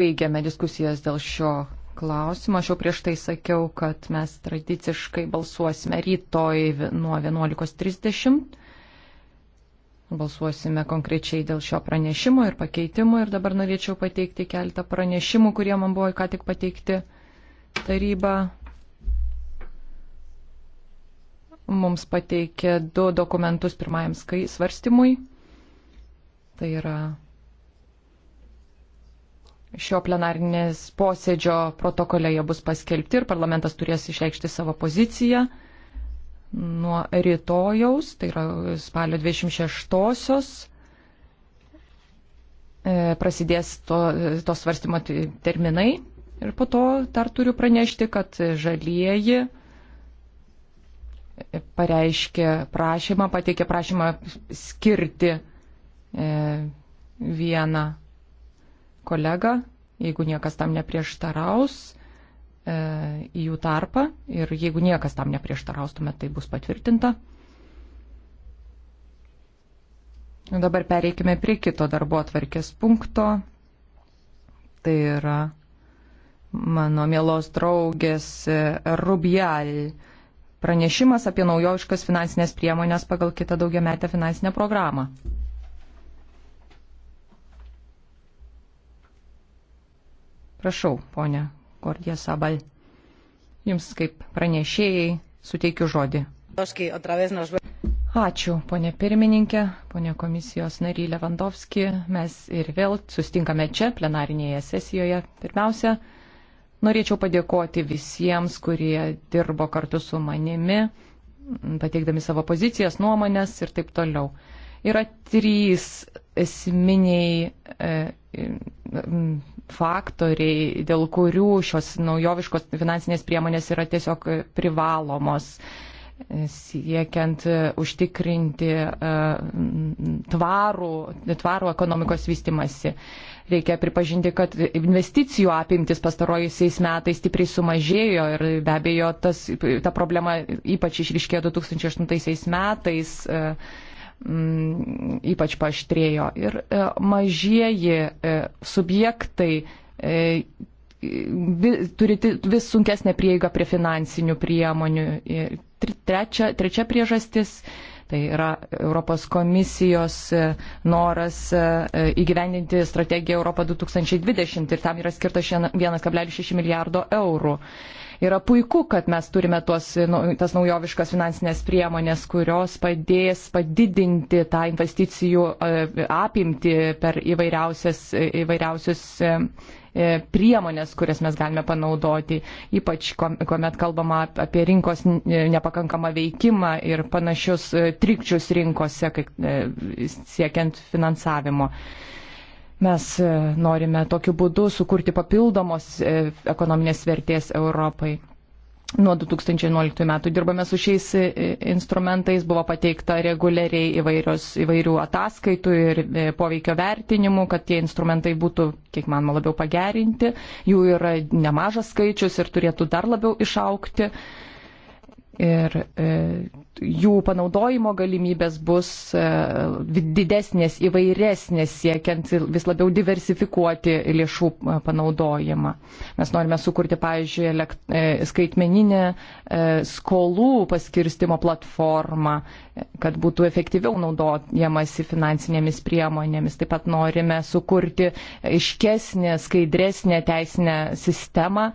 Baigiame diskusijas dėl šio klausimo. Aš jau prieš tai sakiau, kad mes tradiciškai balsuosime rytoj nuo 11.30. Balsuosime konkrečiai dėl šio pranešimo ir pakeitimo ir dabar norėčiau pateikti keletą pranešimų, kurie man buvo ką tik pateikti taryba. Mums pateikė du dokumentus pirmajam svarstymui. Tai yra šio plenarinės posėdžio protokole jie bus paskelbti ir parlamentas turės išreikšti savo poziciją nuo rytojaus, tai yra spalio 26-osios, e, prasidės to, to svarstymo terminai ir po to dar turiu pranešti, kad žalieji pareiškė prašymą, pateikė prašymą skirti e, vieną kolegą jeigu niekas tam neprieštaraus e, į jų tarpą ir jeigu niekas tam neprieštaraus, tuomet tai bus patvirtinta. Dabar pereikime prie kito darbo atvarkės punkto. Tai yra mano mielos draugės e, Rubial pranešimas apie naujoviškas finansinės priemonės pagal kitą daugiametę finansinę programą. Prašau, ponia Gordija Sabal, jums kaip pranešėjai suteikiu žodį. Ačiū, ponė pirmininkė, ponė komisijos nary Levandovski. Mes ir vėl sustinkame čia, plenarinėje sesijoje. Pirmiausia, norėčiau padėkoti visiems, kurie dirbo kartu su manimi, pateikdami savo pozicijas, nuomonės ir taip toliau. Yra trys esminiai. E, e, faktoriai, dėl kurių šios naujoviškos finansinės priemonės yra tiesiog privalomos siekiant užtikrinti e, tvarų, tvarų ekonomikos vystimasi. Reikia pripažinti, kad investicijų apimtis pastarojusiais metais stipriai sumažėjo ir be abejo tas, ta problema ypač išriškėjo 2008 metais e, Mm, ypač paštrėjo. Ir e, mažieji e, subjektai e, turi vis sunkesnę prieigą prie finansinių priemonių. Ir trečia, trečia priežastis Tai yra Europos komisijos noras įgyvendinti strategiją Europą 2020 ir tam yra skirta 1,6 milijardo eurų. Yra puiku, kad mes turime tuos, nu, tas naujoviškas finansinės priemonės, kurios padės padidinti tą investicijų e, apimti per įvairiausias, e, įvairiausias e, priemonės, kurias mes galime panaudoti, ypač kuomet kalbama apie rinkos nepakankamą veikimą ir panašius trikčius rinkose, siekiant finansavimo. Mes e, norime tokiu būdu sukurti papildomos e, ekonominės vertės Europai. Nuo 2011 metų dirbame su šiais e, instrumentais, buvo pateikta reguliariai įvairios, įvairių ataskaitų ir poveikio vertinimų, kad tie instrumentai būtų, kiek man labiau pagerinti. Jų yra nemažas skaičius ir turėtų dar labiau išaukti ir e, jų panaudojimo galimybės bus e, didesnės, įvairesnės, siekiant vis labiau diversifikuoti lėšų e, panaudojimą. Mes norime sukurti, pavyzdžiui, skaitmeninę skolų paskirstimo platformą, kad būtų efektyviau naudojamasi finansinėmis priemonėmis. Taip pat norime sukurti iškesnę, skaidresnę teisinę sistemą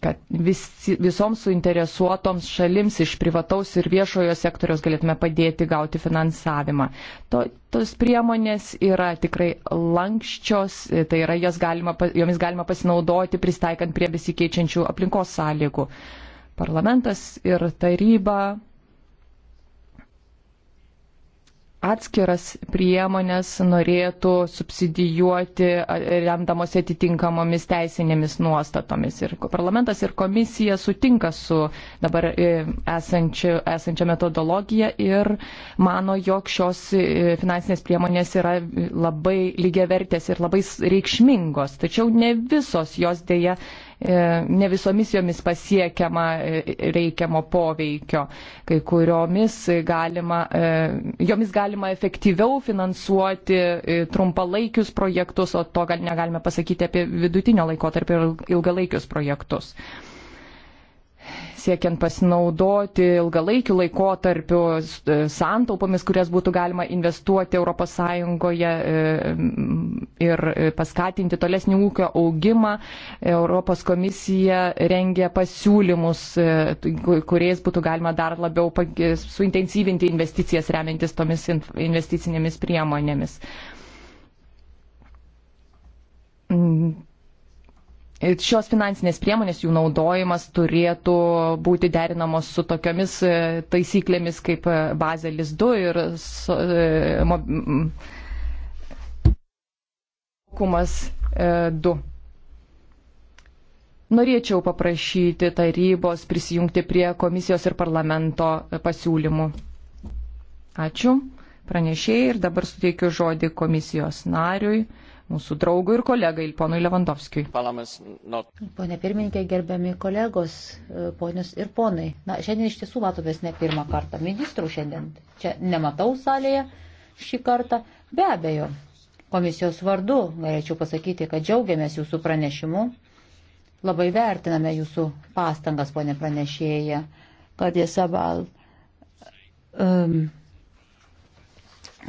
kad visi, visoms suinteresuotoms šalims iš privataus ir viešojo sektoriaus galėtume padėti gauti finansavimą. To, tos priemonės yra tikrai lankščios, tai yra galima, jomis galima pasinaudoti pristaikant prie besikeičiančių aplinkos sąlygų. Parlamentas ir taryba atskiras priemonės norėtų subsidijuoti remdamosi atitinkamomis teisinėmis nuostatomis. Ir parlamentas ir komisija sutinka su dabar e, esančia, esančia metodologija ir mano, jog šios e, finansinės priemonės yra labai lygiavertės ir labai reikšmingos. Tačiau ne visos jos dėja E, ne visomis jomis pasiekiama e, reikiamo poveikio, kai kuriomis galima, e, jomis galima efektyviau finansuoti trumpalaikius projektus, o to gal negalime pasakyti apie vidutinio laiko tarp ir ilgalaikius projektus siekiant pasinaudoti ilgalaikiu laikotarpiu e, santaupomis, kurias būtų galima investuoti ES e, ir e, paskatinti tolesnį ūkio augimą. Europos komisija rengia pasiūlymus, kuriais būtų galima dar labiau suintensyvinti investicijas remiantis tomis investicinėmis priemonėmis mm šios finansinės priemonės, jų naudojimas turėtų būti derinamos su tokiomis e, taisyklėmis kaip e, Bazelis 2 ir so, e, mo, kumas 2. Norėčiau paprašyti tarybos prisijungti prie komisijos ir parlamento pasiūlymų. Ačiū pranešėjai ir dabar suteikiu žodį komisijos nariui mūsų draugui ir kolegai, ponui Levandovskijui. Pone pirmininkė, gerbiami kolegos, e, ponios ir ponai. Na, šiandien iš tiesų matomės ne pirmą kartą. Ministrų šiandien čia nematau salėje šį kartą. Be abejo, komisijos vardu galėčiau pasakyti, kad džiaugiamės jūsų pranešimu. Labai vertiname jūsų pastangas, ponė pranešėja, kad jie sabal. Um,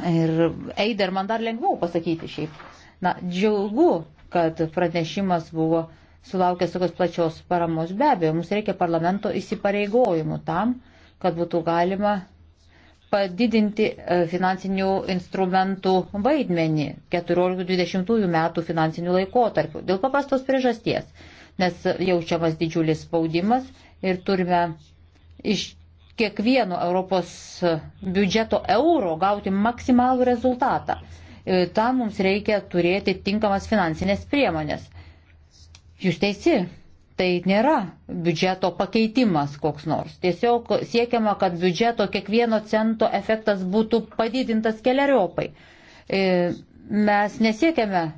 ir Eider man dar lengviau pasakyti šiaip Na, džiaugu, kad pranešimas buvo sulaukęs tokios plačios paramos. Be abejo, mums reikia parlamento įsipareigojimų tam, kad būtų galima padidinti e, finansinių instrumentų vaidmenį 14-20 metų finansinių laikotarpių dėl paprastos priežasties, nes jaučiamas didžiulis spaudimas ir turime iš kiekvieno Europos biudžeto euro gauti maksimalų rezultatą. E, tam mums reikia turėti tinkamas finansinės priemonės. Jūs teisi, tai nėra biudžeto pakeitimas koks nors. Tiesiog siekiama, kad biudžeto kiekvieno cento efektas būtų padidintas keliariopai. E, mes nesiekiame e,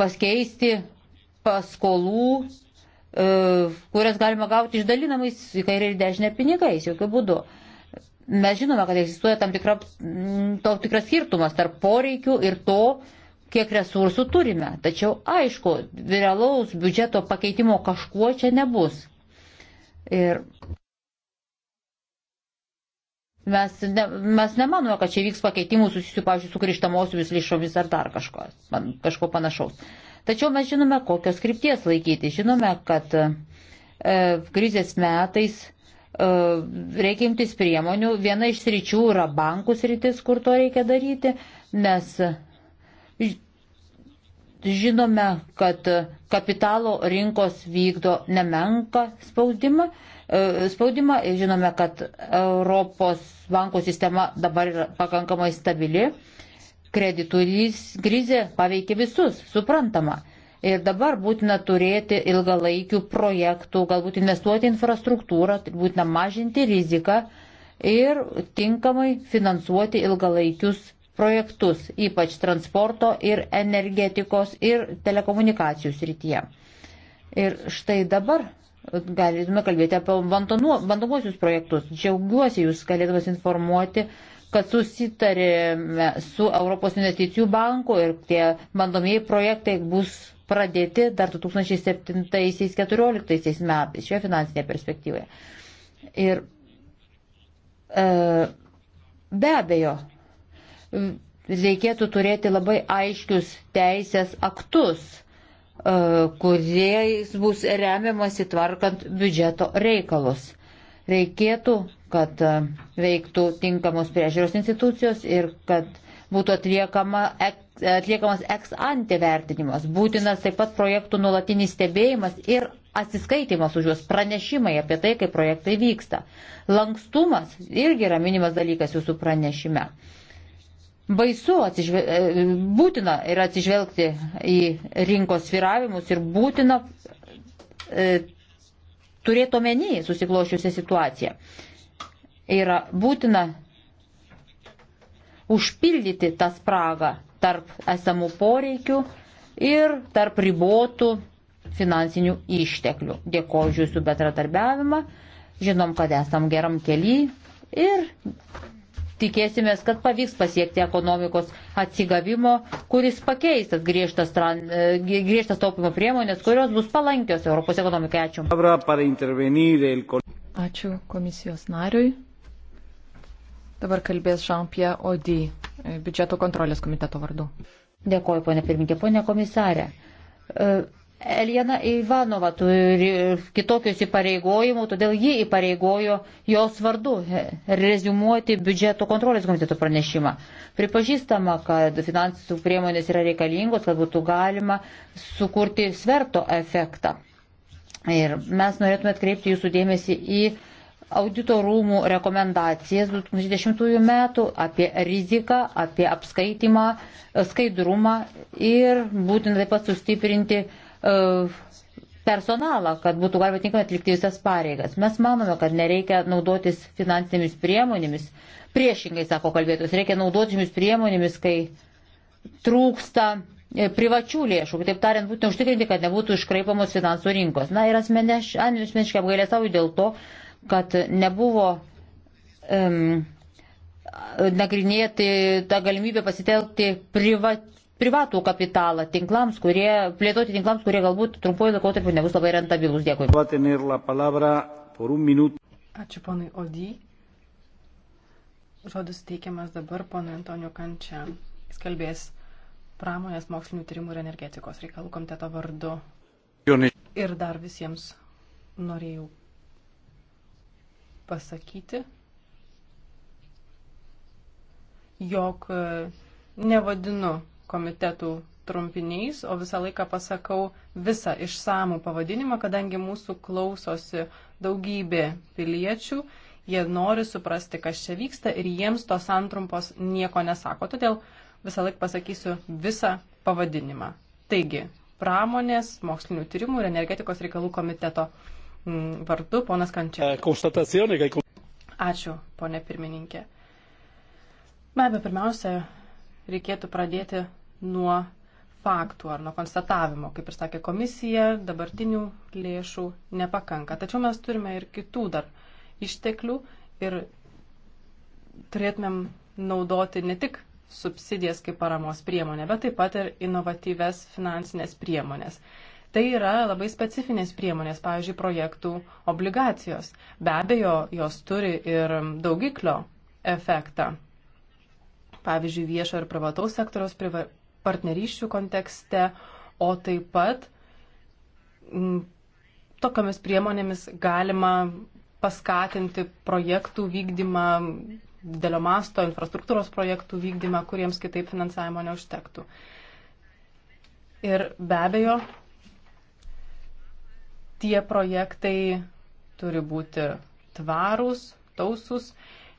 paskeisti paskolų kurias galima gauti išdalinamais į kairę ir dešinę pinigais, jokių būdų. Mes žinome, kad egzistuoja tam tikra, to, tikras skirtumas tarp poreikių ir to, kiek resursų turime. Tačiau, aišku, realaus biudžeto pakeitimo kažkuo čia nebus. Ir mes, ne, mes nemanome, kad čia vyks pakeitimų susijusių, pavyzdžiui, su grįžtamosiomis lyšomis ar dar kažko, kažko panašaus. Tačiau mes žinome, kokios krypties laikyti. Žinome, kad e, krizės metais reikia imtis priemonių. Viena iš sričių yra bankų sritis, kur to reikia daryti, nes žinome, kad kapitalo rinkos vykdo nemenka spaudimą. Spaudimą žinome, kad Europos bankų sistema dabar yra pakankamai stabili. Kreditų krizė paveikia visus, suprantama. Ir dabar būtina turėti ilgalaikių projektų, galbūt investuoti infrastruktūrą, būtina mažinti riziką ir tinkamai finansuoti ilgalaikius projektus, ypač transporto ir energetikos ir telekomunikacijų srityje. Ir štai dabar galėtume kalbėti apie bandomuosius projektus. Džiaugiuosi jūs galėdamas informuoti, kad susitarėme su Europos investicijų banku ir tie bandomieji projektai bus pradėti dar 2007-2014 metais šioje finansinėje perspektyvoje. Ir e, be abejo, reikėtų turėti labai aiškius teisės aktus, e, kuriais bus remiamasi tvarkant biudžeto reikalus. Reikėtų, kad e, veiktų tinkamos priežiūros institucijos ir kad būtų atliekama, atliekamas ex ante vertinimas, būtinas taip pat projektų nulatinis stebėjimas ir atsiskaitimas už juos, pranešimai apie tai, kaip projektai vyksta. Lankstumas irgi yra minimas dalykas jūsų pranešime. Baisu, atsižve... E, būtina yra atsižvelgti į rinkos sviravimus ir būtina e, turėti omeny susiklošiusią situaciją. Yra būtina užpildyti tą spragą tarp esamų poreikių ir tarp ribotų finansinių išteklių. Dėkoju už jūsų betratarbiavimą, žinom, kad esam geram keli ir tikėsimės, kad pavyks pasiekti ekonomikos atsigavimo, kuris pakeis tas griežtas, e, griežtas taupimo priemonės, kurios bus palankios Europos ekonomikai. Ačiū. Ačiū komisijos nariui. Dabar kalbės Jean-Pierre Odi, e, biudžeto kontrolės komiteto vardu. Dėkuoju, ponė pirmininkė, ponė komisarė. E, Elena Ivanova turi kitokius įpareigojimus, todėl ji įpareigojo jos vardu e, rezumuoti biudžeto kontrolės komiteto pranešimą. Pripažįstama, kad finansų priemonės yra reikalingos, kad būtų galima sukurti sverto efektą. Ir mes norėtume atkreipti jūsų dėmesį į audito rūmų rekomendacijas 2010 metų apie riziką, apie apskaitimą, e, skaidrumą ir būtina taip pat sustiprinti e, personalą, kad būtų galima tinkamai atlikti visas pareigas. Mes manome, kad nereikia naudotis finansinėmis priemonėmis. Priešingai, sako kalbėtus, reikia naudotis šiomis priemonėmis, kai trūksta e, privačių lėšų. Kitaip tariant, būtent užtikrinti, kad nebūtų iškraipamos finansų rinkos. Na ir asmeniškai apgailėsauju dėl to, kad nebuvo um, nagrinėti tą galimybę pasitelkti priva, privatų kapitalą tinklams, kurie, plėtoti tinklams, kurie galbūt trumpuoju laikotarpiu nebus labai rentabilus. Dėkui. Ačiū ponai Odį. Žodis teikiamas dabar ponui Antonio Kančia. Jis kalbės pramonės mokslinių tyrimų ir energetikos reikalų komiteto vardu. Ir dar visiems norėjau pasakyti, jog e, nevadinu komitetų trumpiniais, o visą laiką pasakau visą išsamų pavadinimą, kadangi mūsų klausosi daugybė piliečių, jie nori suprasti, kas čia vyksta ir jiems tos antrumpos nieko nesako. Todėl visą laiką pasakysiu visą pavadinimą. Taigi, pramonės, mokslinių tyrimų ir energetikos reikalų komiteto Mm, vardu, ponas Kančia. Eh, Ačiū, ponė pirmininkė. Be abejo, pirmiausia, reikėtų pradėti nuo faktų ar nuo konstatavimo. Kaip ir sakė komisija, dabartinių lėšų nepakanka. Tačiau mes turime ir kitų dar išteklių ir turėtumėm naudoti ne tik subsidijas kaip paramos priemonę, bet taip pat ir inovatyves finansinės priemonės. Tai yra labai specifinės priemonės, pavyzdžiui, projektų obligacijos. Be abejo, jos turi ir daugiklio efektą. Pavyzdžiui, viešo ir privataus sektoriaus partnerysčių kontekste, o taip pat m, tokiamis priemonėmis galima paskatinti projektų vykdymą, didelio masto infrastruktūros projektų vykdymą, kuriems kitaip finansavimo neužtektų. Ir be abejo, tie projektai turi būti tvarūs, tausus.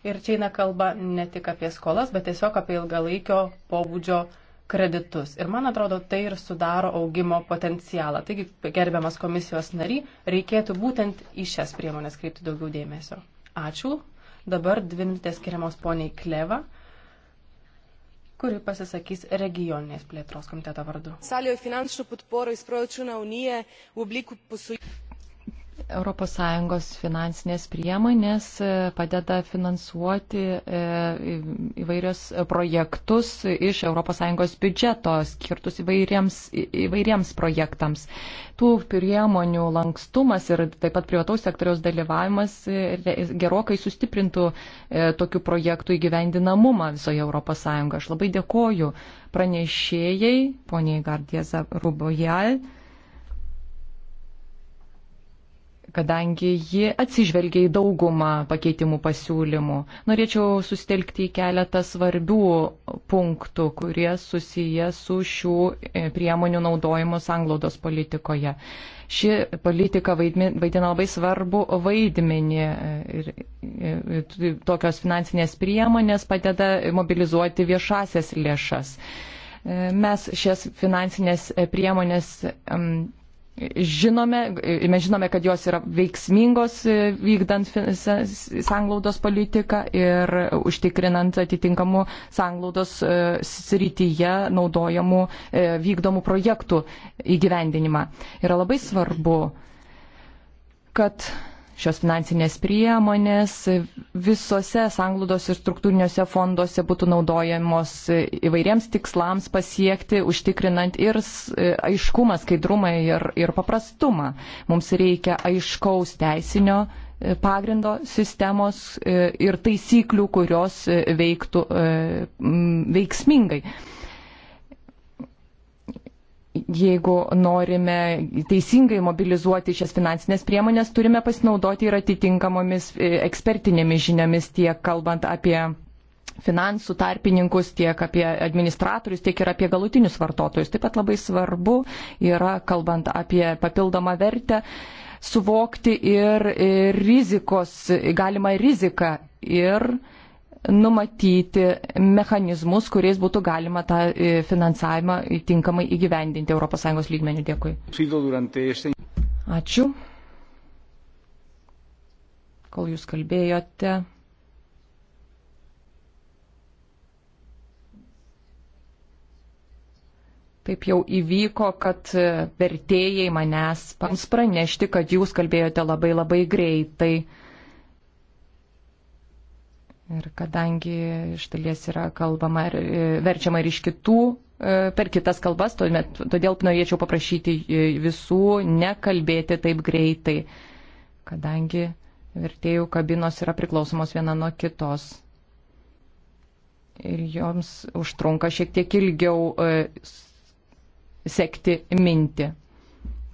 Ir čia eina kalba ne tik apie skolas, bet tiesiog apie ilgalaikio pobūdžio kreditus. Ir man atrodo, tai ir sudaro augimo potencialą. Taigi, gerbiamas komisijos nary, reikėtų būtent į šias priemonės kreipti daugiau dėmesio. Ačiū. Dabar dvi minutės skiriamos poniai Kleva kuri pasisakys regioninės plėtros komiteto vardu. ES finansinės priemonės e, padeda finansuoti e, įvairios projektus iš ES biudžeto skirtus įvairiems, įvairiems projektams. Tų priemonių lankstumas ir taip pat privataus sektoriaus dalyvavimas e, gerokai sustiprintų tokių projektų įgyvendinamumą visoje ES. Aš labai dėkoju pranešėjai, poniai Gardieza Rubojal kadangi ji atsižvelgia į daugumą pakeitimų pasiūlymų. Norėčiau sustelkti į keletą svarbių punktų, kurie susiję su šių e, priemonių naudojimu sanglaudos politikoje. Ši politika vaidina labai svarbu vaidmenį e, ir e, tokios finansinės priemonės padeda mobilizuoti viešasias lėšas. Mes šias finansinės priemonės žinome, mes žinome, kad jos yra veiksmingos e, vykdant sanglaudos politiką ir užtikrinant atitinkamų sanglaudos e, srityje naudojamų e, vykdomų projektų įgyvendinimą. Yra labai svarbu, kad šios finansinės priemonės visose sanglaudos ir struktūriniuose fonduose būtų naudojamos įvairiems tikslams pasiekti, užtikrinant ir aiškumą, skaidrumą ir, ir paprastumą. Mums reikia aiškaus teisinio e, pagrindo sistemos e, ir taisyklių, kurios e, veiktų veiksmingai jeigu norime teisingai mobilizuoti šias finansinės priemonės, turime pasinaudoti ir atitinkamomis e, ekspertinėmis žiniomis tiek kalbant apie finansų tarpininkus, tiek apie administratorius, tiek ir apie galutinius vartotojus. Taip pat labai svarbu yra, kalbant apie papildomą vertę, suvokti ir e, rizikos, e, galimą riziką ir numatyti mechanizmus, kuriais būtų galima tą e, finansavimą tinkamai įgyvendinti ES lygmenių. Dėkui. Ačiū. Kol jūs kalbėjote. Taip jau įvyko, kad e, vertėjai manęs pranešti, kad jūs kalbėjote labai labai greitai. Ir kadangi iš dalies yra kalbama ir e, verčiama ir iš kitų, e, per kitas kalbas, todėl norėčiau paprašyti e, visų nekalbėti taip greitai, kadangi vertėjų kabinos yra priklausomos viena nuo kitos. Ir joms užtrunka šiek tiek ilgiau sekti mintį.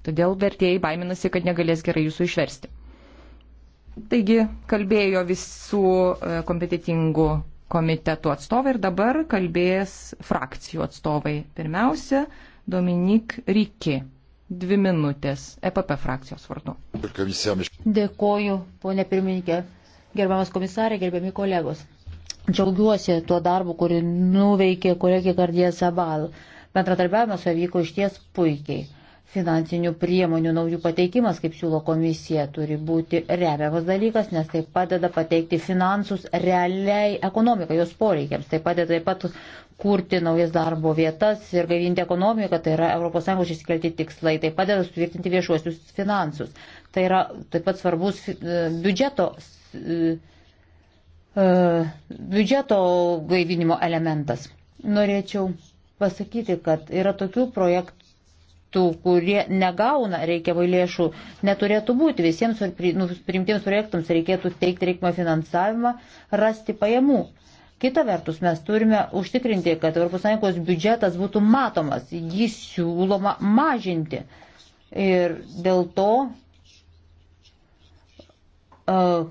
Todėl vertėjai baiminasi, kad negalės gerai jūsų išversti. Taigi kalbėjo visų e, kompetitingų komitetų atstovai ir dabar kalbės frakcijų atstovai. Pirmiausia, Dominik Riki. Dvi minutės EPP frakcijos vardu. Dėkoju, ponė pirmininkė, gerbiamas komisarė, gerbiami kolegos. Džiaugiuosi tuo darbu, kurį nuveikė kolegė Gardija Zabal. Bendradarbiavimas vyko iš ties puikiai Finansinių priemonių naujų pateikimas, kaip siūlo komisija, turi būti remiamas dalykas, nes tai padeda pateikti finansus realiai ekonomikai, jos poreikiams. Tai padeda taip pat kurti naujas darbo vietas ir gaivinti ekonomiką, tai yra ES išsikelti tikslai, tai padeda sutvirtinti viešuosius finansus. Tai yra taip pat svarbus e, biudžeto, e, e, biudžeto gaivinimo elementas. Norėčiau pasakyti, kad yra tokių projektų, projektų, kurie negauna reikiamai lėšų, neturėtų būti. Visiems nu, priimtiems projektams reikėtų teikti reikiamą finansavimą, rasti pajamų. Kita vertus, mes turime užtikrinti, kad ES biudžetas būtų matomas, jį siūloma mažinti. Ir dėl to uh,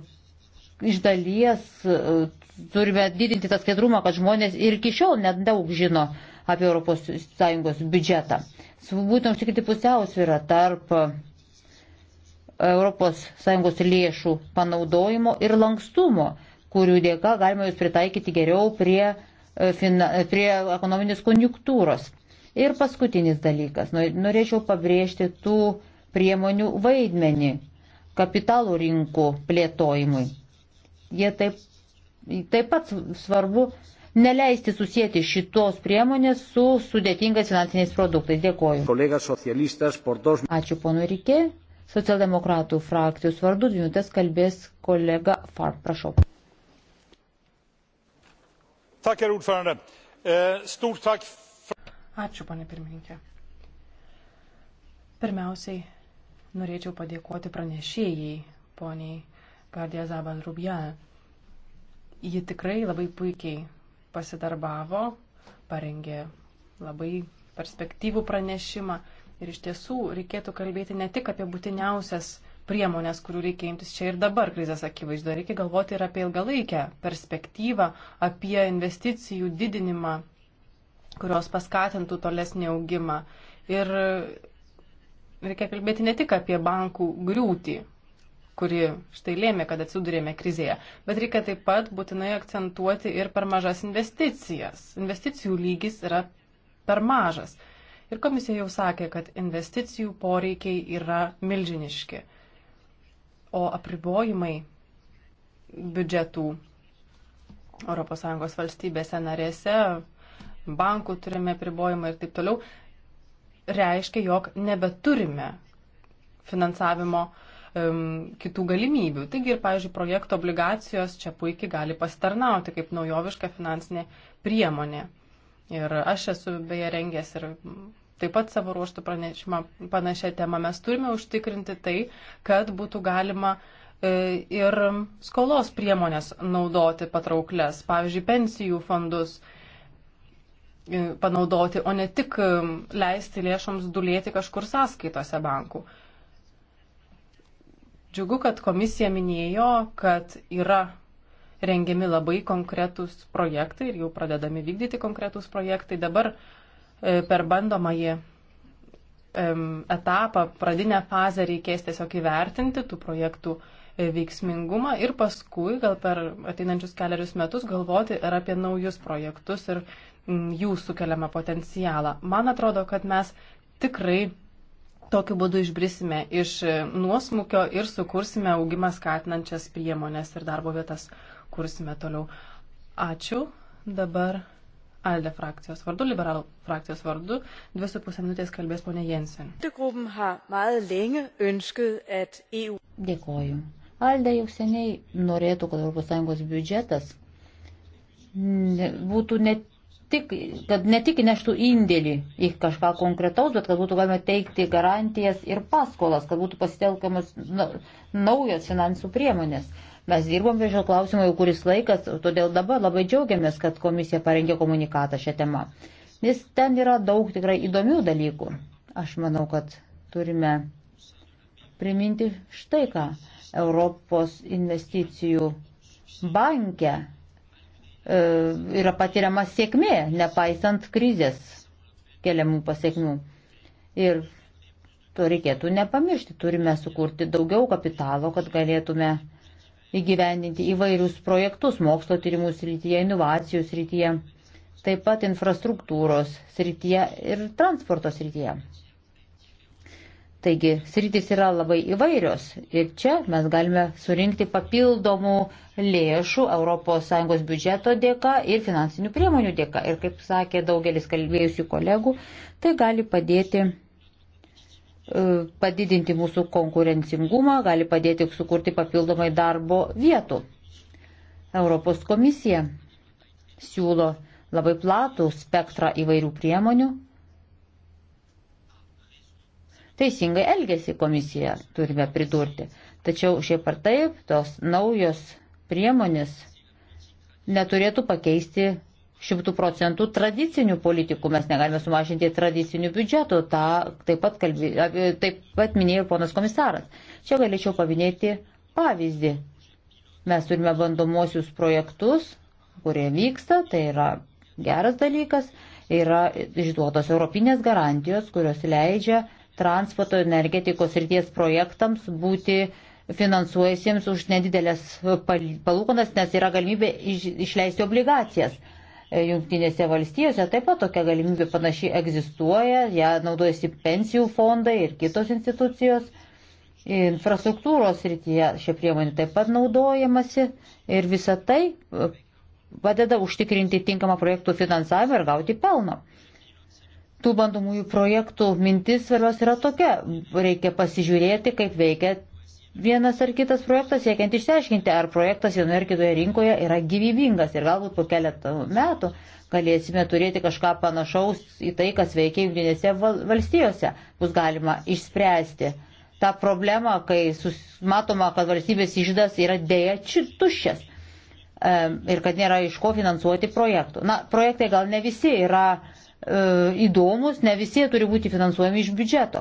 iš dalies uh, turime didinti tą skaidrumą, kad žmonės ir iki šiol nedaug žino apie ES biudžetą būtent užtikrinti pusiausvyrą tarp ES lėšų panaudojimo ir lankstumo, kurių dėka galima jūs pritaikyti geriau prie, e, prie ekonominės konjunktūros. Ir paskutinis dalykas, norėčiau pabrėžti tų priemonių vaidmenį kapitalų rinkų plėtojimui. Jie taip, taip pat svarbu neleisti susijęti šitos priemonės su sudėtingais finansiniais produktais. Dėkoju. Ačiū ponui Rikė. Socialdemokratų frakcijos vardu minutės kalbės kolega Farb. Prašau. Eh, Ačiū, pane pirmininkė. Pirmiausiai norėčiau padėkoti pranešėjai, poniai Gardija Zabal Rubjana ji tikrai labai puikiai pasidarbavo, parengė labai perspektyvų pranešimą. Ir iš tiesų reikėtų kalbėti ne tik apie būtiniausias priemonės, kurių reikia imtis čia ir dabar krizės akivaizdu, reikia galvoti ir apie ilgalaikę perspektyvą, apie investicijų didinimą, kurios paskatintų tolesnį augimą. Ir reikia kalbėti ne tik apie bankų griūtį, kuri štai lėmė, kad atsidūrėme krizėje. Bet reikia taip pat būtinai akcentuoti ir per mažas investicijas. Investicijų lygis yra per mažas. Ir komisija jau sakė, kad investicijų poreikiai yra milžiniški, o apribojimai biudžetų ES valstybėse narėse, bankų turime apribojimą ir taip toliau, reiškia, jog nebeturime finansavimo uh, um, kitų galimybių. Taigi ir, pavyzdžiui, projekto obligacijos čia puikiai gali pasitarnauti kaip naujoviška finansinė priemonė. Ir aš esu beje rengęs ir taip pat savo ruoštų pranešimą panašią temą. Mes turime užtikrinti tai, kad būtų galima e, ir skolos priemonės naudoti patrauklias, pavyzdžiui, pensijų fondus e, panaudoti, o ne tik e, leisti lėšoms dulėti kažkur sąskaitose bankų. Džiugu, kad komisija minėjo, kad yra rengiami labai konkretūs projektai ir jau pradedami vykdyti konkretūs projektai. Dabar e, per bandomąjį etapą, pradinę fazę reikės tiesiog įvertinti tų projektų e, veiksmingumą ir paskui gal per ateinančius keliarius metus galvoti ir apie naujus projektus ir jų sukeliamą potencialą. Man atrodo, kad mes tikrai Tokiu būdu išbrisime iš nuosmukio ir sukursime augimą skatinančias priemonės ir darbo vietas kursime toliau. Ačiū. Dabar ALDE frakcijos vardu, liberalų frakcijos vardu, dvi su pusė minutės kalbės ponė Jensen. E Dėkoju. ALDE jau seniai norėtų, kad ES biudžetas būtų net tik, kad ne tik neštų indėlį į kažką konkretaus, bet kad būtų galima teikti garantijas ir paskolas, kad būtų pasitelkiamas naujos finansų priemonės. Mes dirbom prie šio klausimo jau kuris laikas, todėl dabar labai džiaugiamės, kad komisija parengė komunikatą šią temą. Nes ten yra daug tikrai įdomių dalykų. Aš manau, kad turime priminti štai ką Europos investicijų bankę E, yra patiriama sėkmė, nepaisant krizės keliamų pasiekmių. Ir to reikėtų nepamiršti. Turime sukurti daugiau kapitalo, kad galėtume įgyvendinti įvairius projektus mokslo tyrimų srityje, inovacijų srityje, taip pat infrastruktūros srityje ir transporto srityje. Taigi sritis yra labai įvairios ir čia mes galime surinkti papildomų lėšų ES biudžeto dėka ir finansinių priemonių dėka. Ir kaip sakė daugelis kalbėjusių kolegų, tai gali padėti e, padidinti mūsų konkurencingumą, gali padėti sukurti papildomai darbo vietų. Europos komisija siūlo labai platų spektrą įvairių priemonių, teisingai elgesi komisija, turime pridurti. Tačiau šiaip ar taip, tos naujos priemonės neturėtų pakeisti šimtų procentų tradicinių politikų. Mes negalime sumažinti tradicinių biudžetų, tą taip pat, kalbė, taip pat minėjo ponas komisaras. Čia galėčiau paminėti pavyzdį. Mes turime bandomosius projektus, kurie vyksta, tai yra geras dalykas, yra išduotos europinės garantijos, kurios leidžia transporto ir energetikos ryties projektams būti finansuojusiems už nedidelės palūkonas, nes yra galimybė išleisti obligacijas. E, Junktinėse valstijose taip pat tokia galimybė panašiai egzistuoja, ją naudojasi pensijų fondai ir kitos institucijos. Infrastruktūros rytyje šią priemonę taip pat naudojamasi ir visa tai e, padeda užtikrinti tinkamą projektų finansavimą ir gauti pelno tų bandomųjų projektų mintis svarbios yra tokia. Reikia pasižiūrėti, kaip veikia vienas ar kitas projektas, siekiant išsiaiškinti, ar projektas vienoje ar kitoje rinkoje yra gyvybingas ir galbūt po keletą metų galėsime turėti kažką panašaus į tai, kas veikia jungtinėse valstijose. Bus galima išspręsti tą problemą, kai sus, matoma, kad valstybės išdas yra dėja tuščias e, ir kad nėra iš ko finansuoti projektų. Na, projektai gal ne visi yra E, įdomus, ne visi jie turi būti finansuojami iš biudžeto.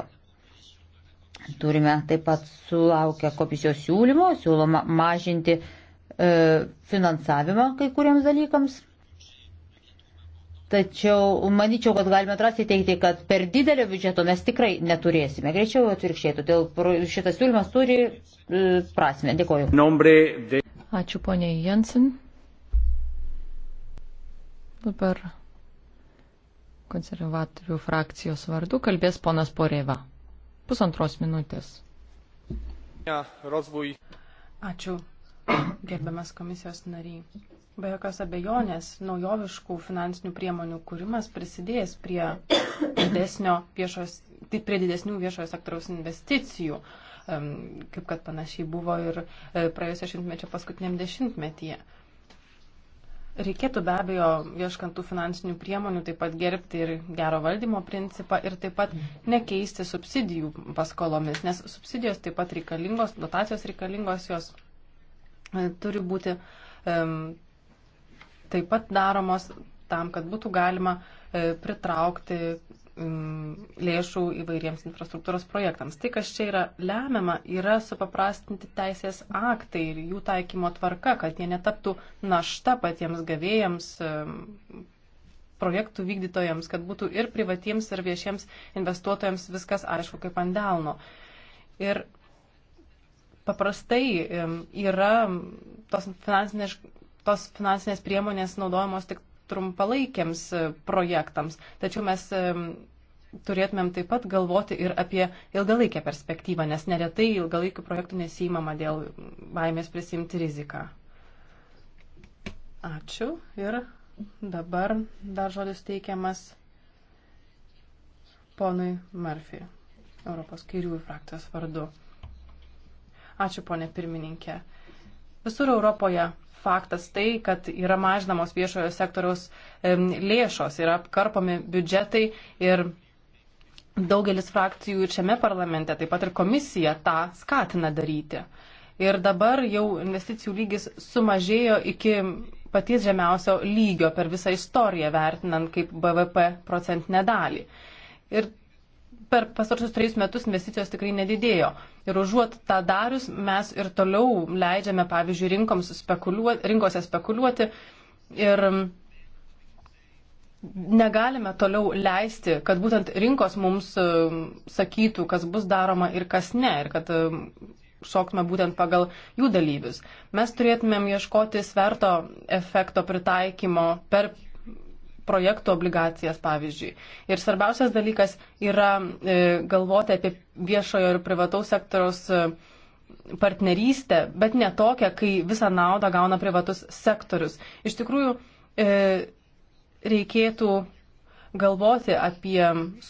Turime taip pat sulaukę komisijos siūlymo, siūloma mažinti e, finansavimą kai kuriems dalykams. Tačiau manyčiau, kad galime drąsiai teikti, kad per didelio biudžeto mes tikrai neturėsime. Greičiau atvirkščiai, todėl šitas siūlymas turi e, prasme. Dėkoju. Ačiū poniai Jensen. Dabar konservatorių frakcijos vardu kalbės ponas Poreva. Pusantros minutės. Ačiū, gerbiamas komisijos nariai. Be jokios abejonės, naujoviškų finansinių priemonių kūrimas prisidės prie, viešos, prie didesnių viešojo sektoriaus investicijų, kaip kad panašiai buvo ir e, praėjusio šimtmečio paskutiniam dešimtmetyje. Reikėtų be abejo, ieškant tų finansinių priemonių, taip pat gerbti ir gero valdymo principą ir taip pat nekeisti subsidijų paskolomis, nes subsidijos taip pat reikalingos, dotacijos reikalingos, jos e, turi būti um, taip pat daromos tam, kad būtų galima e, pritraukti Mm, lėšų įvairiems infrastruktūros projektams. Tai, kas čia yra lemiama, yra supaprastinti teisės aktai ir jų taikymo tvarka, kad jie netaptų našta patiems gavėjams, projektų vykdytojams, kad būtų ir privatiems, ir viešiems investuotojams viskas aišku kaip ant delno. Ir paprastai yra tos finansinės, tos finansinės priemonės naudojamos tik trumpalaikiams e, projektams. Tačiau mes e, turėtumėm taip pat galvoti ir apie ilgalaikę perspektyvą, nes neretai ilgalaikių projektų nesijimama dėl baimės prisimti riziką. Ačiū ir dabar dar žodis teikiamas ponui Murphy, Europos kairiųjų frakcijos vardu. Ačiū, ponė pirmininkė. Visur Europoje faktas tai, kad yra mažinamos viešojo sektoriaus lėšos, yra apkarpomi biudžetai ir daugelis frakcijų ir šiame parlamente, taip pat ir komisija tą skatina daryti. Ir dabar jau investicijų lygis sumažėjo iki paties žemiausio lygio per visą istoriją, vertinant kaip BVP procentinę dalį. Ir per pastarosius trejus metus investicijos tikrai nedidėjo. Ir užuot tą darius, mes ir toliau leidžiame, pavyzdžiui, spekuliuoti, rinkose spekuliuoti. Ir negalime toliau leisti, kad būtent rinkos mums e, sakytų, kas bus daroma ir kas ne, ir kad e, šoktume būtent pagal jų dalyvius. Mes turėtumėm ieškoti sverto efekto pritaikymo per projektų obligacijas, pavyzdžiui. Ir svarbiausias dalykas yra e, galvoti apie viešojo ir privataus sektoriaus e, partnerystę, bet ne tokią, kai visą naudą gauna privatus sektorius. Iš tikrųjų, e, reikėtų galvoti apie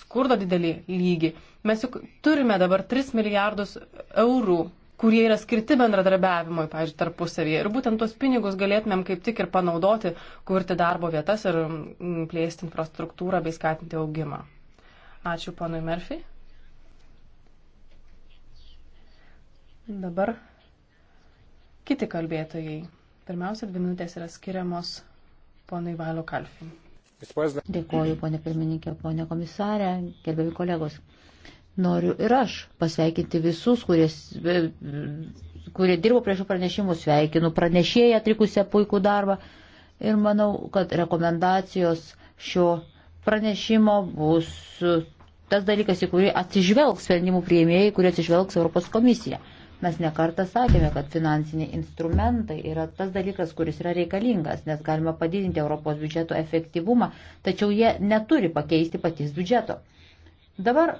skurdo didelį lygį. Mes juk turime dabar 3 milijardus eurų kurie yra skirti bendradarbiavimui, pavyzdžiui, tarpusavyje. Ir būtent tuos pinigus galėtumėm kaip tik ir panaudoti, kurti darbo vietas ir mm, plėsti infrastruktūrą bei skatinti augimą. Ačiū ponui Murphy. Dabar kiti kalbėtojai. Pirmiausia, dvi minutės yra skiriamos ponui Vailo Kalfin. Dėkuoju, ponė pirmininkė, ponė komisarė, gerbiami kolegos. Noriu ir aš pasveikinti visus, kurie, kurie dirbo prie šių pranešimų, sveikinu pranešėją atlikusią puikų darbą ir manau, kad rekomendacijos šio pranešimo bus tas dalykas, į kurį atsižvelgs sprendimų prieimėjai, kurie atsižvelgs Europos komisija. Mes nekartą sakėme, kad finansiniai instrumentai yra tas dalykas, kuris yra reikalingas, nes galima padidinti Europos biudžeto efektyvumą, tačiau jie neturi pakeisti patys biudžeto. Dabar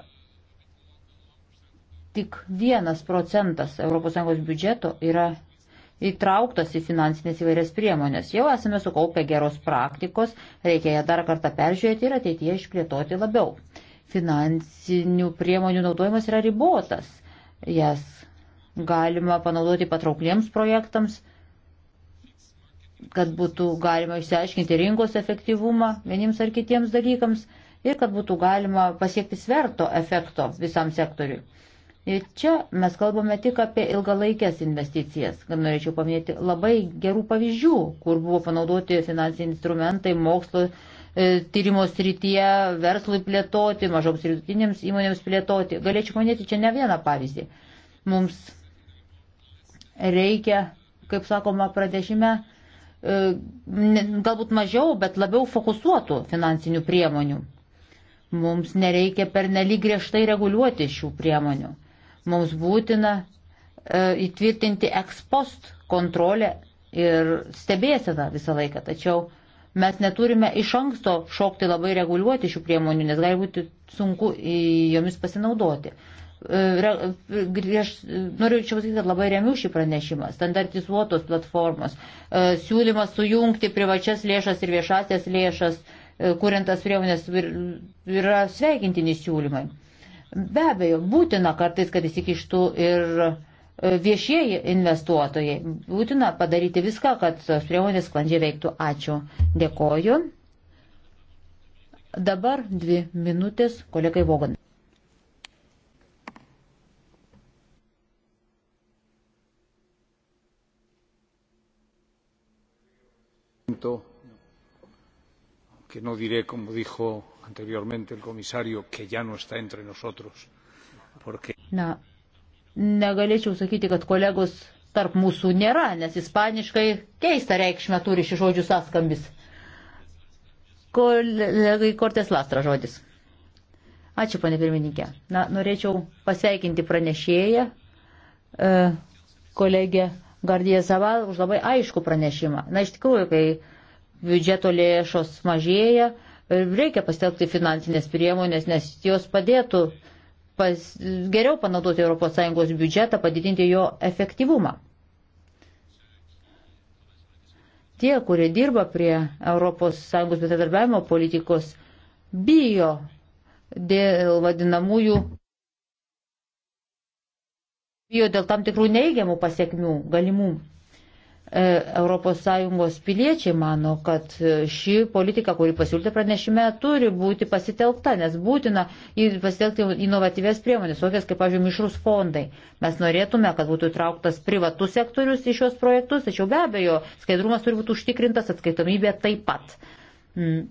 tik vienas procentas ES biudžeto yra įtrauktas į finansinės įvairias priemonės. Jau esame sukaupę geros praktikos, reikia ją dar kartą peržiūrėti ir ateityje išplėtoti labiau. Finansinių priemonių naudojimas yra ribotas. Jas galima panaudoti patraukliems projektams, kad būtų galima išsiaiškinti rinkos efektyvumą vieniems ar kitiems dalykams ir kad būtų galima pasiekti sverto efekto visam sektoriui. Ir čia mes kalbame tik apie ilgalaikės investicijas. Gan norėčiau paminėti labai gerų pavyzdžių, kur buvo panaudoti finansiniai instrumentai mokslo e, tyrimo srityje, verslui plėtoti, mažoms ir vidutinėms įmonėms plėtoti. Galėčiau paminėti čia ne vieną pavyzdį. Mums reikia, kaip sakoma, pradėšime e, galbūt mažiau, bet labiau fokusuotų finansinių priemonių. Mums nereikia pernelyg griežtai reguliuoti šių priemonių mums būtina e, įtvirtinti ekspost kontrolę ir stebėseną visą laiką. Tačiau mes neturime iš anksto šokti labai reguliuoti šių priemonių, nes gali būti sunku jomis pasinaudoti. E, aš noriu čia pasakyti, kad labai remiu šį pranešimą. Standartizuotos platformos, e, siūlymas sujungti privačias lėšas ir viešasias lėšas, kuriant tas priemonės, yra sveikintinis siūlymai. Be abejo, būtina kartais, kad įsikištų ir e, viešieji investuotojai. Būtina padaryti viską, kad tos priemonės sklandžiai veiktų. Ačiū. Dėkoju. Dabar dvi minutės kolegai Vogan. Punto que no diré como dijo anteriormente el comisario que ya no está entre nosotros. Porque... Na, negalėčiau sakyti, kad kolegos tarp mūsų nėra, nes ispaniškai keista reikšmė turi šį žodžių sąskambis. Kolegai Kortės Lastra žodis. Ačiū, pane pirmininkė. Na, norėčiau pasveikinti pranešėją, e, kolegę Gardija Saval, už labai aišku pranešimą. Na, iš tikrųjų, kai biudžeto lėšos mažėja, reikia pasitelkti finansinės priemonės, nes jos padėtų pas, geriau panaudoti ES biudžetą, padidinti jo efektyvumą. Tie, kurie dirba prie ES bendradarbiavimo politikos, bijo dėl vadinamųjų bijo dėl tam tikrų neigiamų pasiekmių galimų ES piliečiai mano, kad e, ši politika, kuri pasiūlyta pranešime, turi būti pasitelkta, nes būtina pasitelkti inovatyvės priemonės, tokias kaip, pavyzdžiui, mišrus fondai. Mes norėtume, kad būtų įtrauktas privatus sektorius į šios projektus, tačiau be abejo, skaidrumas turi būti užtikrintas, atskaitomybė taip pat. Mm.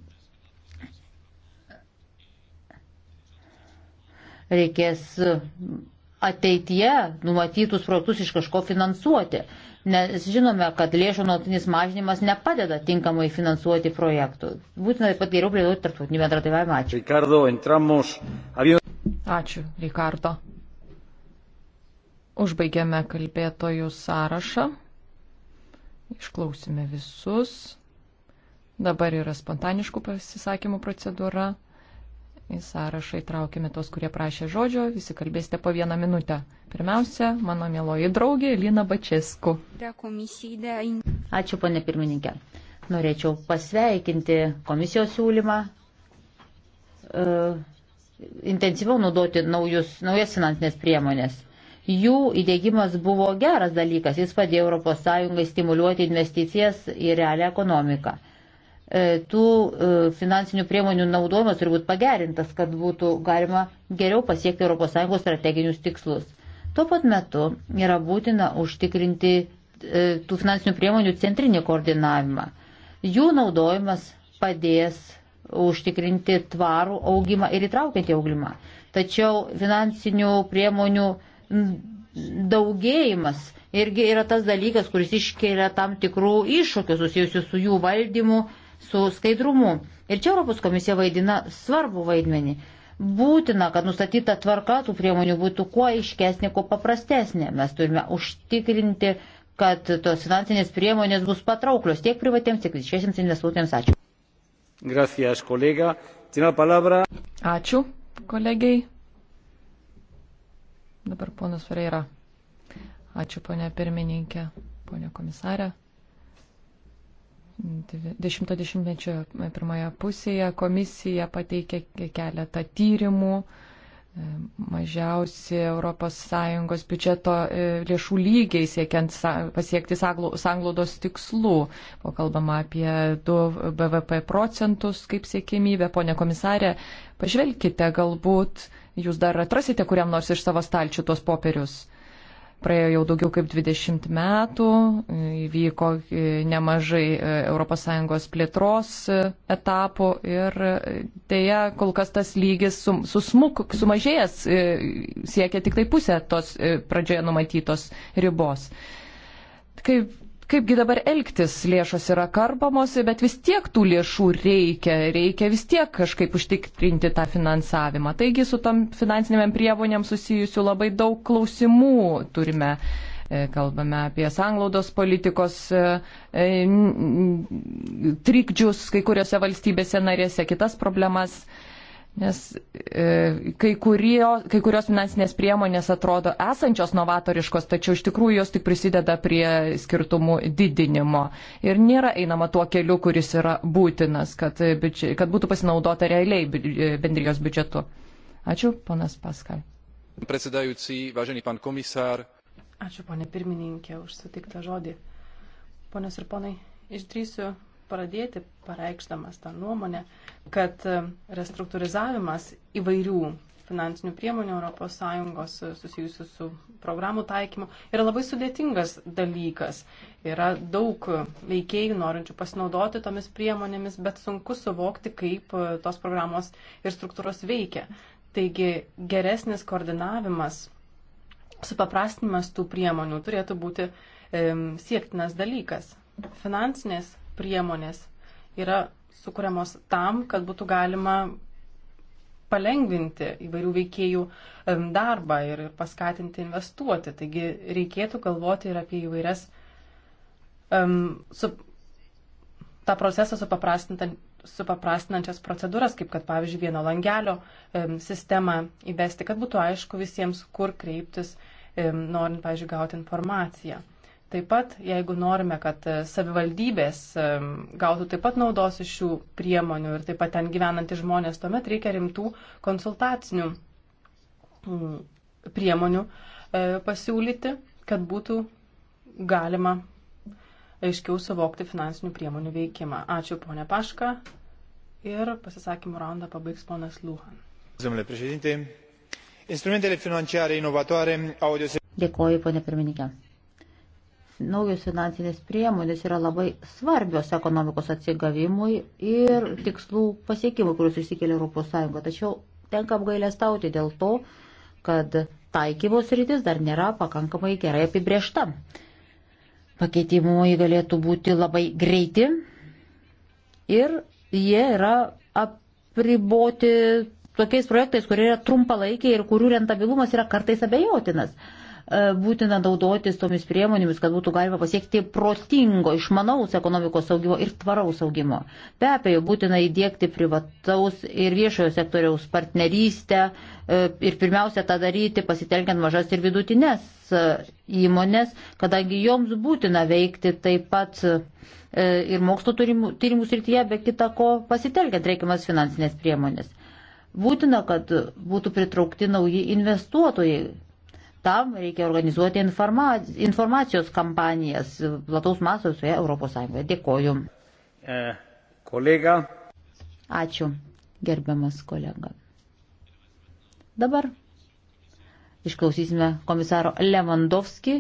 Reikės ateityje numatytus projektus iš kažko finansuoti nes žinome, kad lėšų nuolatinis mažinimas nepadeda tinkamai finansuoti projektų. Būtina taip pat geriau plėtoti tarptautinį bendradarbiavimą. Ačiū. Ricardo, entramos... Ačiū, Rikardo. Užbaigėme kalbėtojų sąrašą. Išklausime visus. Dabar yra spontaniškų pasisakymų procedūra. Į sąrašą įtraukime tos, kurie prašė žodžio, visi kalbėsite po vieną minutę. Pirmiausia, mano mieloji draugė Lina Bačesku. Ačiū, ponė pirmininkė. Norėčiau pasveikinti komisijos siūlymą e, intensyviau naudoti naujus, naujas finansinės priemonės. Jų įdėgymas buvo geras dalykas, jis padėjo ES stimuliuoti investicijas į realią ekonomiką. E, tų e, finansinių priemonių naudojimas turi būti pagerintas, kad būtų galima geriau pasiekti ES strateginius tikslus. Tuo pat metu yra būtina užtikrinti e, tų finansinių priemonių centrinį koordinavimą. Jų naudojimas padės užtikrinti tvarų augimą ir įtraukiantį augimą. Tačiau finansinių priemonių daugėjimas irgi yra tas dalykas, kuris iškėlė tam tikrų iššūkių susijusių su jų valdymu su skaidrumu. Ir čia Europos komisija vaidina svarbu vaidmenį. Būtina, kad nustatyta tvarka tų priemonių būtų kuo aiškesnė, kuo paprastesnė. Mes turime užtikrinti, kad tos finansinės priemonės bus patrauklios tiek privatiems, tiek viešiesiems investuotėms. Ačiū. Gracias, kolega. Tiene palabra. Ačiū, kolegiai. Dabar ponas Freira. Ačiū, ponia pirmininkė, ponia komisarė dešimtmečio e, pirmoje pusėje komisija pateikė keletą tyrimų. E, mažiausi ES biudžeto e, lėšų lygiai siekiant pasiekti sanglaudos tikslų. Buvo kalbama apie 2 BVP procentus kaip siekimybę. Pone komisarė, pažvelkite, galbūt jūs dar atrasite kuriam nors iš savo stalčių tuos popierius. Praėjo jau daugiau kaip 20 metų, įvyko e, nemažai ES plėtros e, etapų ir e, dėja kol kas tas lygis susmuk, sumažėjęs siekia tik tai pusę tos pradžioje numatytos ribos. Kaip kaipgi dabar elgtis, lėšos yra karpamos, bet vis tiek tų lėšų reikia, reikia vis tiek kažkaip užtikrinti tą finansavimą. Taigi su tom finansinėm priemonėm susijusių labai daug klausimų turime. E, kalbame apie sanglaudos politikos e, e, trikdžius kai kuriuose valstybėse narėse, kitas problemas. Nes e, kai, kurio, kai kurios finansinės priemonės atrodo esančios novatoriškos, tačiau iš tikrųjų jos tik prisideda prie skirtumų didinimo. Ir nėra einama tuo keliu, kuris yra būtinas, kad, e, kad būtų pasinaudota realiai e, bendrijos biudžetu. Ačiū, ponas Paskal. Ačiū, ponė pirmininkė, už sutiktą žodį. Ponios ir ponai, išdrysiu pradėti pareikšdamas tą nuomonę, kad e, restruktūrizavimas įvairių finansinių priemonių ES e, susijusių su programų taikymu yra labai sudėtingas dalykas. Yra daug veikėjų norinčių pasinaudoti tomis priemonėmis, bet sunku suvokti, kaip e, tos programos ir struktūros veikia. Taigi geresnis koordinavimas, supaprastinimas tų priemonių turėtų būti e, siektinas dalykas. Finansinės priemonės yra sukūriamos tam, kad būtų galima palengvinti įvairių veikėjų darbą ir paskatinti investuoti. Taigi reikėtų galvoti ir apie įvairias um, su, tą procesą supaprastinančias procedūras, kaip kad pavyzdžiui vieno langelio um, sistemą įvesti, kad būtų aišku visiems, kur kreiptis, um, norint, pavyzdžiui, gauti informaciją. Um, Taip pat, jeigu norime, kad e, savivaldybės e, gautų taip pat naudos iš šių priemonių ir taip pat ten gyvenantys žmonės, tuomet reikia rimtų konsultacinių priemonių e, pasiūlyti, kad būtų galima aiškiau suvokti finansinių priemonių veikimą. Ačiū ponė Paška ir pasisakymų raundą pabaigs ponas Luhan. Dėkuoju, ponė pirmininkė naujos finansinės priemonės yra labai svarbios ekonomikos atsigavimui ir tikslų pasiekimui, kuriuos išsikėlė ES. Tačiau tenka apgailestauti dėl to, kad taikymos rytis dar nėra pakankamai gerai apibriešta. Pakeitimai galėtų būti labai greiti ir jie yra apriboti tokiais projektais, kurie yra trumpalaikiai ir kurių rentabilumas yra kartais abejotinas. E, būtina naudotis tomis priemonėmis, kad būtų galima pasiekti protingo, išmanaus ekonomikos augimo ir tvaraus augimo. Be abejo, būtina įdėkti privataus ir viešojo sektoriaus partnerystę e, ir pirmiausia tą daryti pasitelkiant mažas ir vidutinės e, įmonės, kadangi joms būtina veikti taip pat ir mokslo tyrimų, tyrimų srityje, be kita ko pasitelkiant reikiamas finansinės priemonės. Būtina, kad būtų pritraukti nauji investuotojai, Tam reikia organizuoti informacijos kampanijas plataus maso visoje Europos Sąjungoje. Dėkoju. E, kolega. Ačiū, gerbiamas kolega. Dabar išklausysime komisaro Lewandowski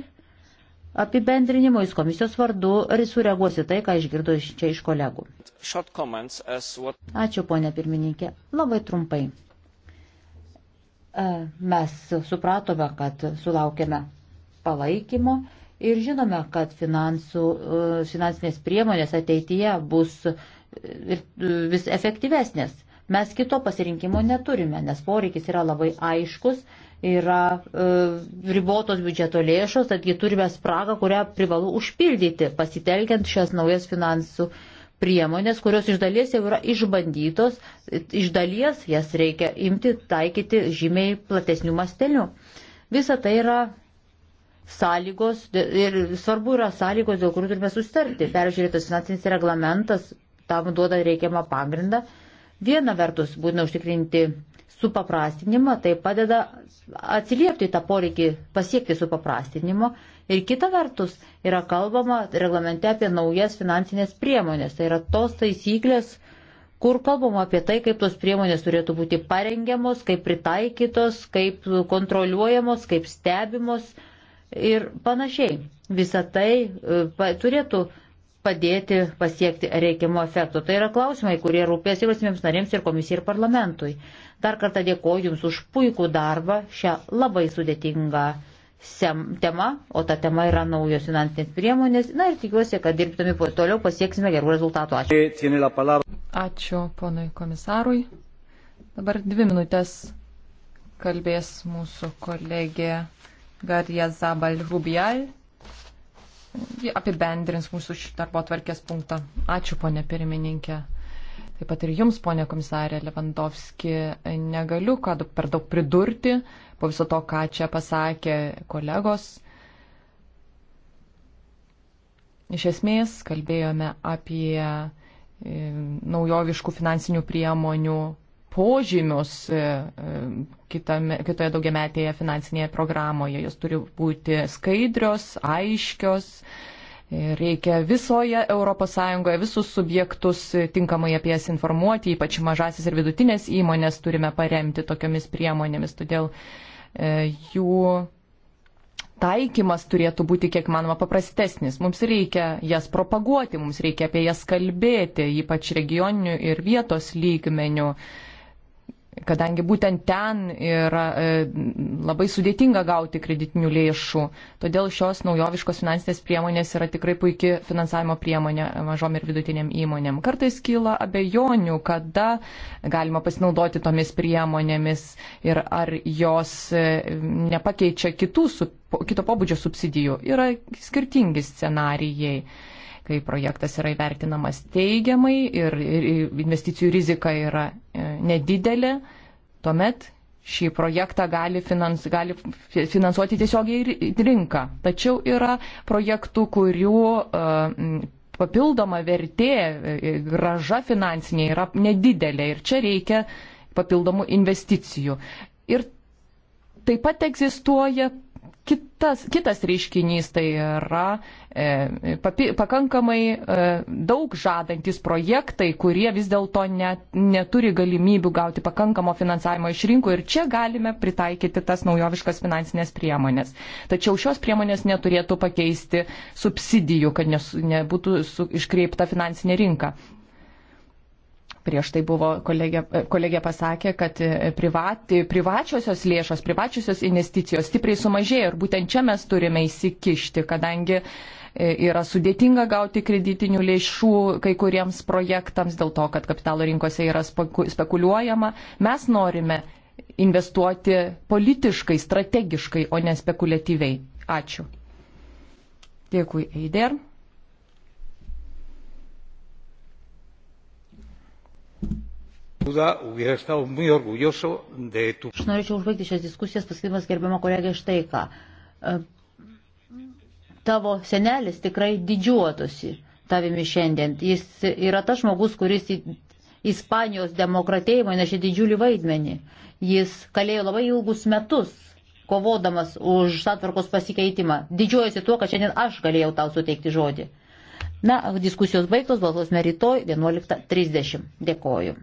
apibendrinimo jis komisijos vardu ir sureaguosi tai, ką išgirdo čia iš kolegų. Ačiū, ponia pirmininkė. Labai trumpai. E, mes supratome, kad sulaukėme palaikymo ir žinome, kad finansų, e, finansinės priemonės ateityje bus vis efektyvesnės. Mes kito pasirinkimo neturime, nes poreikis yra labai aiškus, yra e, ribotos biudžeto lėšos, taigi turime spragą, kurią privalu užpildyti, pasitelkiant šias naujas finansų priemonės priemonės, kurios iš dalies jau yra išbandytos, iš dalies jas reikia imti, taikyti žymiai platesnių mastelių. Visa tai yra sąlygos ir svarbu yra sąlygos, dėl kurių turime sustarti. Peržiūrėtas finansinis reglamentas tam duoda reikiamą pagrindą. Viena vertus būtina užtikrinti supaprastinimą, tai padeda atsiliepti tą poreikį pasiekti supaprastinimo Ir kita vertus yra kalbama reglamente apie naujas finansinės priemonės. Tai yra tos taisyklės, kur kalbama apie tai, kaip tos priemonės turėtų būti parengiamos, kaip pritaikytos, kaip kontroliuojamos, kaip stebimos ir panašiai. Visa tai e, pa, turėtų padėti pasiekti reikiamo efekto. Tai yra klausimai, kurie rūpės ir valstybėms narėms, ir komisijai, ir parlamentui. Dar kartą dėkoju Jums už puikų darbą šią labai sudėtingą tema, o ta tema yra naujos finansinės priemonės. Na ir tikiuosi, kad dirbtami toliau pasieksime gerų rezultatų. Ačiū. Ačiū ponui komisarui. Dabar dvi minutės kalbės mūsų kolegė Garija Zabal Rubial. Ji apibendrins mūsų šitą darbo tvarkės punktą. Ačiū, ponė pirmininkė. Taip pat ir jums, ponė komisarė Levandovski, negaliu ką per daug pridurti po viso to, ką čia pasakė kolegos. Iš esmės kalbėjome apie e, naujoviškų finansinių priemonių požymius e, e, kitame, kitoje daugiametėje finansinėje programoje. Jos turi būti skaidrios, aiškios, Reikia visoje ES visus subjektus tinkamai apie jas informuoti, ypač mažasis ir vidutinės įmonės turime paremti tokiomis priemonėmis, todėl e, jų taikymas turėtų būti kiek manoma paprastesnis. Mums reikia jas propaguoti, mums reikia apie jas kalbėti, ypač regioninių ir vietos lygmenių kadangi būtent ten yra e, labai sudėtinga gauti kreditinių lėšų. Todėl šios naujoviškos finansinės priemonės yra tikrai puikia finansavimo priemonė mažom ir vidutiniam įmonėm. Kartais kyla abejonių, kada galima pasinaudoti tomis priemonėmis ir ar jos e, nepakeičia kitų, kito pobūdžio subsidijų. Yra skirtingi scenarijai kai projektas yra įvertinamas teigiamai ir, ir investicijų rizika yra nedidelė, tuomet šį projektą gali, finans, gali finansuoti tiesiogiai rinka. Tačiau yra projektų, kurių uh, papildoma vertė, e, graža finansinė yra nedidelė ir čia reikia papildomų investicijų. Ir taip pat egzistuoja kitas, kitas reiškinys, tai yra e, papi, pakankamai e, daug žadantis projektai, kurie vis dėlto ne, neturi galimybių gauti pakankamo finansavimo iš rinkų ir čia galime pritaikyti tas naujoviškas finansinės priemonės. Tačiau šios priemonės neturėtų pakeisti subsidijų, kad nes, nebūtų su, iškreipta finansinė rinka. Prieš tai buvo kolegė, kolegė pasakė, kad e, privat, privačiosios lėšos, privačiosios investicijos stipriai sumažėjo ir būtent čia mes turime įsikišti, kadangi e, yra sudėtinga gauti kreditinių lėšų kai kuriems projektams dėl to, kad kapitalo rinkose yra spekuliuojama. Mes norime investuoti politiškai, strategiškai, o ne spekuliatyviai. Ačiū. Dėkui, Eider. Aš norėčiau užbaigti šias diskusijas, pasakydamas gerbiamą kolegę štai ką. E, tavo senelis tikrai didžiuotųsi tavimi šiandien. Jis yra tas žmogus, kuris į Ispanijos demokratėjimą nešė didžiulį vaidmenį. Jis kalėjo labai ilgus metus, kovodamas už santvarkos pasikeitimą. Didžiuojasi tuo, kad šiandien aš galėjau tau suteikti žodį. Na, diskusijos baigtos, balsuosime rytoj 11.30. Dėkoju.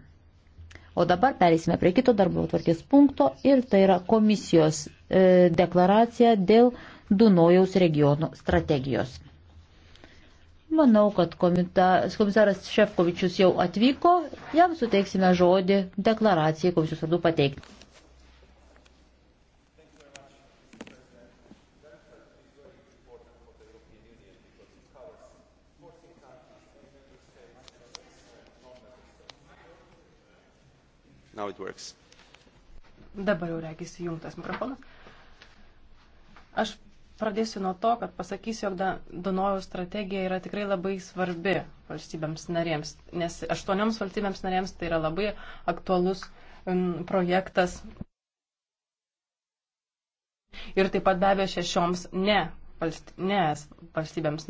O dabar perėsime prie kito darbo atvarkės punkto ir tai yra komisijos e, deklaracija dėl Dunojaus regiono strategijos. Manau, kad komita, komisaras Šefkovičius jau atvyko, jam suteiksime žodį deklaracijai komisijos vardu pateikti. Now it works. Dabar jau reikės įjungtas mikrofonas. Aš pradėsiu nuo to, kad pasakysiu, jog Dunojaus strategija yra tikrai labai svarbi valstybėms narėms, nes aštuonioms valstybėms narėms tai yra labai aktualus um, projektas. Ir taip pat be abejo šešioms ne, valst, ne valstybėms narėms.